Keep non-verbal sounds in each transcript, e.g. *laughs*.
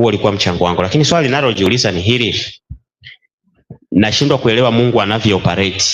Huo ulikuwa mchango wangu, lakini swali linalojiuliza ni hili, nashindwa kuelewa Mungu anavyo operate.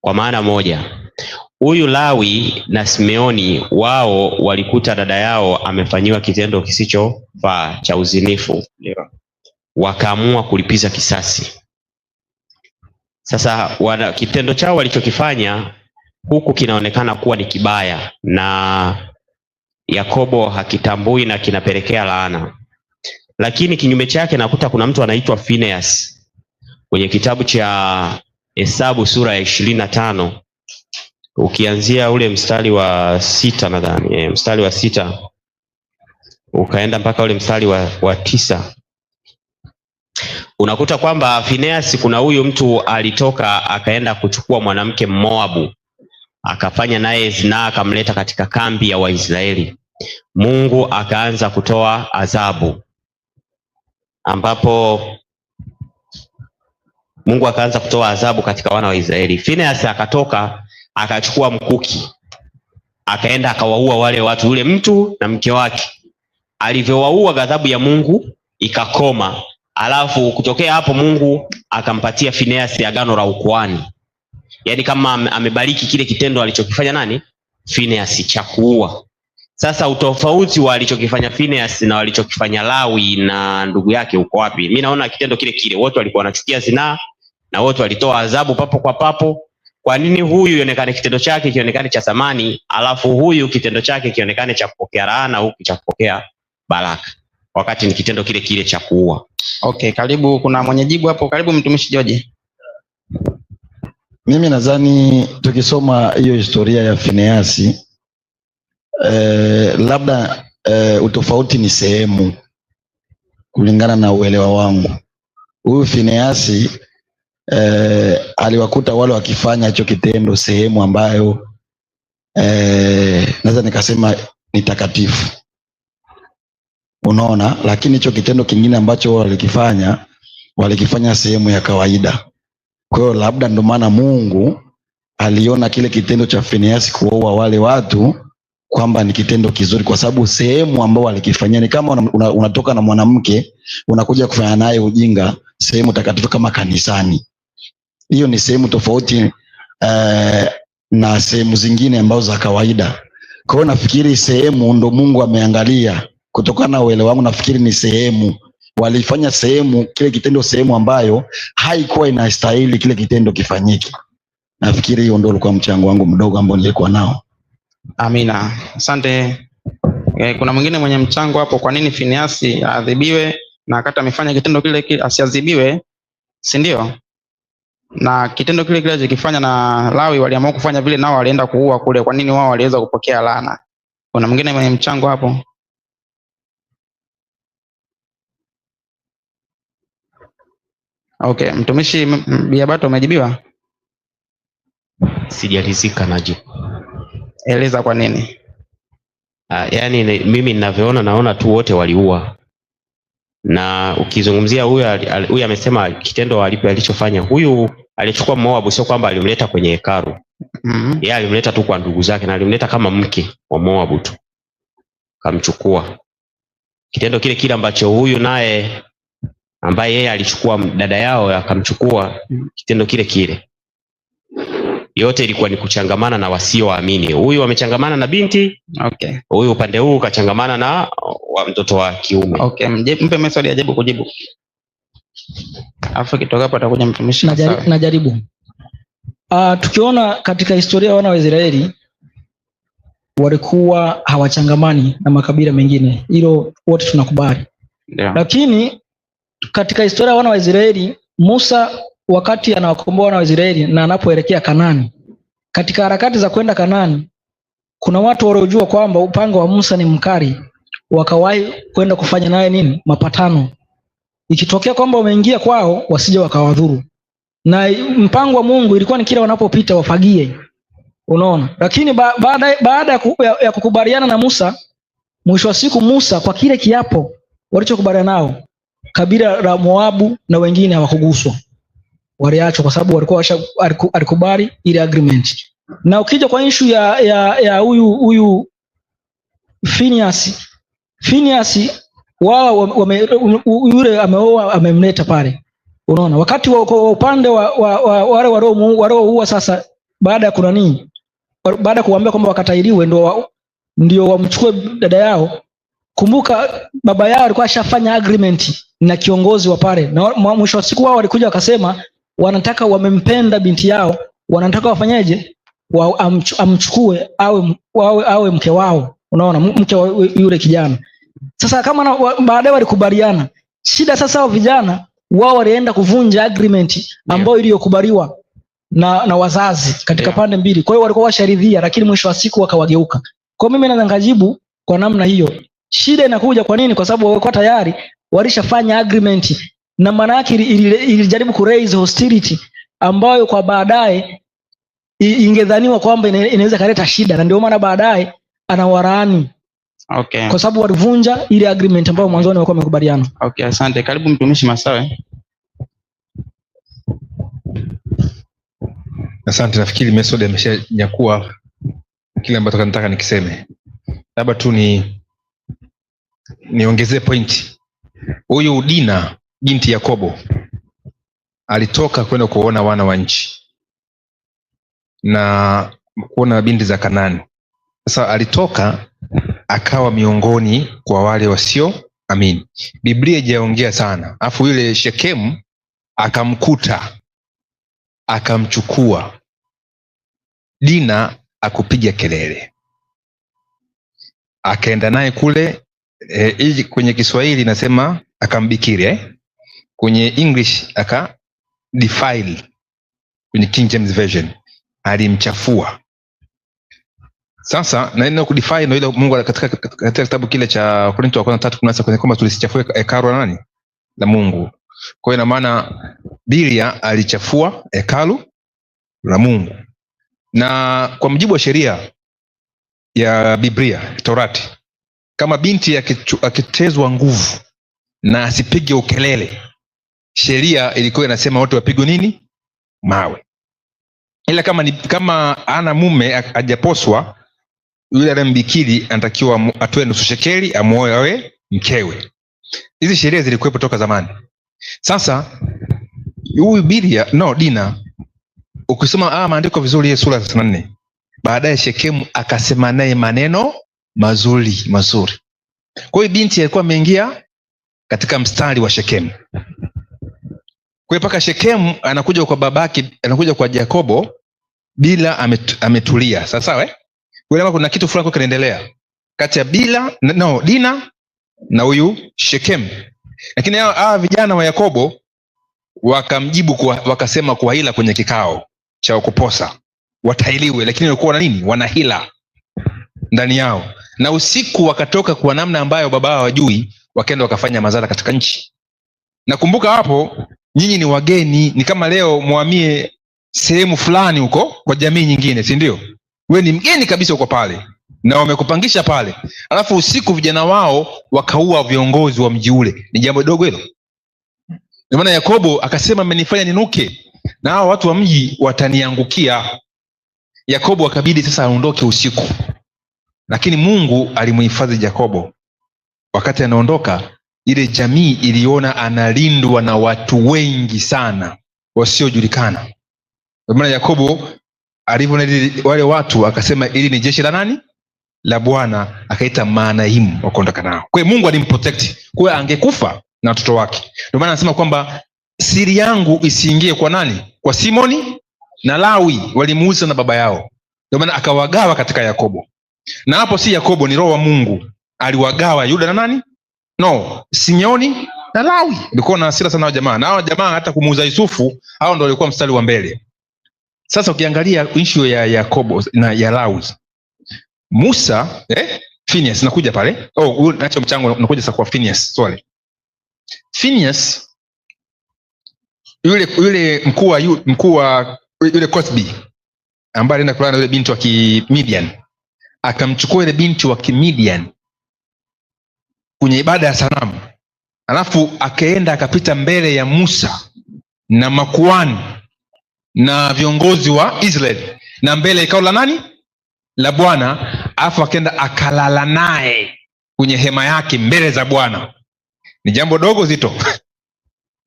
Kwa maana moja, huyu Lawi na Simeoni wao walikuta dada yao amefanyiwa kitendo kisichofaa cha uzinifu, wakaamua kulipiza kisasi. Sasa wana, kitendo chao walichokifanya huku kinaonekana kuwa ni kibaya na Yakobo hakitambui na kinapelekea laana. Lakini kinyume chake nakuta kuna mtu anaitwa Phineas kwenye kitabu cha Hesabu sura ya ishirini na tano ukianzia ule mstari wa sita nadhani e, mstari wa sita ukaenda mpaka ule mstari wa, wa tisa unakuta kwamba Phineas, kuna huyu mtu alitoka akaenda kuchukua mwanamke Moabu akafanya naye zinaa akamleta katika kambi ya Waisraeli. Mungu akaanza kutoa adhabu ambapo Mungu akaanza kutoa adhabu katika wana wa Israeli. fineas akatoka akachukua mkuki akaenda akawaua wale watu, yule mtu na mke wake. Alivyowaua, ghadhabu ya Mungu ikakoma. Alafu kutokea hapo Mungu akampatia Finehasi agano la ukuhani, yaani kama amebariki kile kitendo alichokifanya nani, Finehasi cha kuua. Sasa utofauti wa alichokifanya Phineas na walichokifanya Lawi na ndugu yake uko wapi? Mimi naona kitendo kile kile, wote walikuwa wanachukia zinaa na wote walitoa adhabu papo kwa papo. Kwa nini huyu ionekane kitendo chake kionekane cha thamani, alafu huyu kitendo chake kionekane cha kupokea laana, huku cha kupokea baraka, wakati ni kitendo kile kile cha kuua? Okay, karibu. Kuna mwenye jibu hapo? Karibu mtumishi George. Mimi nadhani tukisoma hiyo historia ya Phineas eh, labda eh, utofauti ni sehemu, kulingana na uelewa wangu. Huyu Fineasi eh, aliwakuta wale wakifanya hicho kitendo sehemu ambayo eh, naweza nikasema ni takatifu, unaona. Lakini hicho kitendo kingine ambacho walikifanya walikifanya sehemu ya kawaida. Kwa hiyo labda ndo maana Mungu aliona kile kitendo cha Fineasi kuwaua wale watu kwamba ni kitendo kizuri, kwa sababu sehemu ambao alikifanyia ni kama una, unatoka na mwanamke unakuja kufanya naye ujinga sehemu takatifu kama kanisani. Hiyo ni sehemu tofauti eh, na sehemu zingine ambazo za kawaida. Kwa hiyo nafikiri sehemu ndo Mungu ameangalia, kutokana na uelewa wangu nafikiri ni sehemu walifanya sehemu kile kitendo sehemu ambayo haikuwa inastahili kile kitendo kifanyike. Nafikiri hiyo ndo ulikuwa mchango wangu mdogo ambao nilikuwa nao. Amina, asante. E, kuna mwingine mwenye mchango hapo? Kwa nini Finiasi aadhibiwe na wakati amefanya kitendo kile kile asiadhibiwe, si ndio? Na kitendo kile kile alichokifanya na Lawi waliamua kufanya vile, nao walienda kuua kule. Kwa nini wao waliweza kupokea laana? Kuna mwingine mwenye mchango hapo? Okay, mtumishi Biabato, umejibiwa? Sijalizika najibu. Eleza kwa nini. Uh, yani mimi ninavyoona, naona tu wote waliua, na ukizungumzia huyu huyu amesema kitendo alipo alichofanya huyu alichukua Moabu, sio kwamba alimleta kwenye hekaru mm -hmm. Yeye alimleta tu kwa ndugu zake, na alimleta kama mke wa Moabu tu kamchukua. Kitendo kile kile ambacho huyu naye ambaye yeye alichukua dada yao akamchukua, mm-hmm. kitendo kile kile yote ilikuwa ni kuchangamana na wasioamini. Huyu amechangamana na binti okay, huyu upande huu kachangamana na wa mtoto wa kiume okay. Mpe maswali ajibu kujibu, afu kitoka hapo atakuja mtumishi. Najaribu, najaribu. Uh, tukiona katika historia ya wana wa Israeli walikuwa hawachangamani na makabila mengine, hilo wote tunakubali yeah. Lakini katika historia ya wana wa Israeli Musa wakati anawakomboa wana wa Israeli na anapoelekea Kanani, katika harakati za kwenda Kanaani kuna watu waliojua kwamba upanga wa Musa ni mkali, wakawahi kwenda kufanya naye nini, mapatano, ikitokea kwamba wameingia kwao wasije wakawadhuru. Na mpango wa Mungu ilikuwa ni kila wanapopita wafagie, unaona. Lakini baada baada ya kukubaliana na Musa, mwisho wa siku Musa kwa kile kiapo walichokubaliana nao, kabila la Moabu na wengine hawakuguswa waliachwa kwa sababu walikuwa alikubali ile agreement. Na ukija kwa issue ya ya ya huyu huyu Phineas Phineas, wao yule ameoa amemleta pale, unaona, wakati wa upande wa, wa, wa wale huwa sasa, baada ya kuna nini, baada ya kuambia kwamba wakatailiwe, ndio wa, ndio wamchukue dada yao. Kumbuka baba yao alikuwa ashafanya agreement na kiongozi wa pale, na mwisho wa siku wao walikuja wakasema wanataka wamempenda binti yao, wanataka wafanyeje? Wa, amch, amchukue awe, awe, awe mke wao. Unaona, mke wa yule kijana. Sasa kama baadaye walikubaliana, shida sasa wa vijana wao walienda kuvunja agreement ambayo iliyokubaliwa na, na wazazi katika yeah, pande mbili. Kwa hiyo walikuwa washaridhia, lakini mwisho wa siku wakawageuka. Kwa mimi naweza ngajibu kwa namna hiyo. Shida inakuja kwa nini? Kwa sababu walikuwa tayari walishafanya agreement na maana yake ilijaribu kuraise hostility ambayo kwa baadaye ingedhaniwa kwamba inaweza kaleta shida, na ndio maana baadaye anawarani okay, kwa sababu walivunja ile agreement ambayo mwanzoni walikuwa wamekubaliana. Okay, asante. Karibu mtumishi Masawe. Asante, nafikiri Mesod ameshanyakua kile ambacho nataka nikiseme, labda tu ni niongezee pointi. Huyu Udina binti Yakobo alitoka kwenda kuona wana wa nchi na kuona binti za Kanani. Sasa alitoka akawa miongoni kwa wale wasio amini. Biblia ijaongea sana, alafu yule Shekemu akamkuta akamchukua. Dina akupiga kelele, akaenda naye kule e, kwenye Kiswahili nasema akambikiri eh? kwenye English aka defile kwenye King James Version alimchafua. Sasa na neno kudefile ndio Mungu katika, katika, kitabu kile cha Korinto wa kwanza 3:19 kwenye kwamba tulisichafua hekalu nani la Mungu. Kwa hiyo ina maana Bilia alichafua hekalu la Mungu, na kwa mjibu wa sheria ya Biblia Torati, kama binti akitezwa nguvu na asipige ukelele sheria ilikuwa inasema watu wapigwe nini mawe ila kama ni, kama ana mume ajaposwa yule anayembikiri anatakiwa atoe nusu shekeli amuoe awe mkewe hizi sheria zilikuwepo toka zamani sasa huyu bilia no dina ukisoma ah, maandiko vizuri hiyo sura thelathini na nne baadaye shekemu akasema naye maneno mazuri mazuri kwa hiyo binti alikuwa ameingia katika mstari wa shekemu kwa mpaka Shekemu anakuja kwa babake, anakuja kwa jakobo bila amet, ametulia. Sawa sawa, eh, kuna kitu fulani kinaendelea kati ya bila no, Dina na huyu Shekemu, lakini hawa vijana wa Yakobo wakamjibu kwa, wakasema kwa hila kwenye kikao cha kuposa watailiwe, lakini walikuwa na nini? Wana hila ndani yao, na usiku wakatoka kwa namna ambayo baba hawajui, wakaenda wakafanya mazara katika nchi. Nakumbuka hapo nyinyi ni wageni, ni kama leo mwamie sehemu fulani huko kwa jamii nyingine, si ndio? We ni mgeni kabisa uko pale na wamekupangisha pale, alafu usiku vijana wao wakaua viongozi wa mji ule, ni jambo dogo hilo? Ndio maana Yakobo akasema amenifanya ninuke na hao watu wa mji wataniangukia. Yakobo akabidi sasa aondoke usiku, lakini Mungu alimuhifadhi Yakobo. Wakati anaondoka ile jamii iliona analindwa na watu wengi sana wasiojulikana. Ndio maana Yakobo alivyo wale watu akasema ili ni jeshi la nani la Bwana, akaita maanaimu wakaondoka nao. Kwa hiyo Mungu alimprotect, kwa hiyo angekufa na watoto wake. Ndio maana anasema kwamba siri yangu isiingie kwa nani? Kwa Simoni na Lawi, walimuuza na baba yao. Ndio maana akawagawa katika Yakobo, na hapo si Yakobo, ni Roho wa Mungu aliwagawa Yuda na nani no Simeoni na Lawi. Ilikuwa na hasira sana jamaa, na hao jamaa hata kumuuza Yusufu, hao ndio walikuwa mstari wa mbele. Sasa ukiangalia issue ya Yakobo na ya Lawi, Musa eh, Phineas nakuja pale. Oh, huyu nacho mchango nakuja sasa kwa Phineas, sorry. Phineas yule yule mkuu wa mkuu wa yule Cosby ambaye alienda kulala na yule binti wa Kimidian, akamchukua yule binti wa Kimidian kwenye ibada ya sanamu, alafu akaenda akapita mbele ya Musa na makuani na viongozi wa Israeli na mbele ikao la nani la Bwana, alafu akaenda akalala naye kwenye hema yake mbele za Bwana. Ni jambo dogo zito?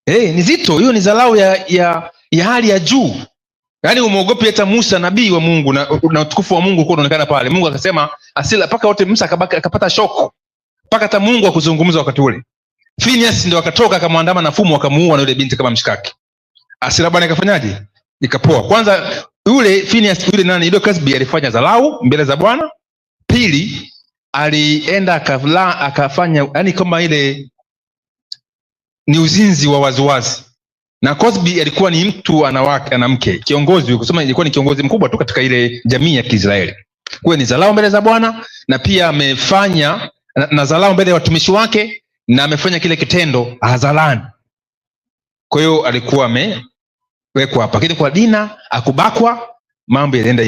Hey, *laughs* eh, ni zito hiyo, ni dharau ya, ya, ya hali ya juu. Yaani umeogopi hata Musa nabii wa Mungu na, na utukufu wa Mungu ulikuwa unaonekana pale. Mungu akasema asila mpaka wote Musa akapata shoko mpaka hata Mungu akuzungumza wakati ule. Phineas ndo akatoka akamwandama na fumu akamuua na yule binti kama mshikaki. asira bwana ikafanyaje? Ikapoa. Kwanza yule finias yule nani yule Kasbi alifanya dharau mbele za Bwana. Pili alienda akala akafanya yani kama ile ni uzinzi wa waziwazi. Na Cosby alikuwa ni mtu anawake anamke kiongozi kusema ilikuwa ni kiongozi mkubwa tu katika ile jamii ya Kiisraeli. kuwe ni dharau mbele za Bwana na pia amefanya na, mbele ya watumishi wake na amefanya kile kitendo hazalani Kwa hiyo alikuwa amewekwa hapa, lakini kwa Dina akubakwa, mambo yalienda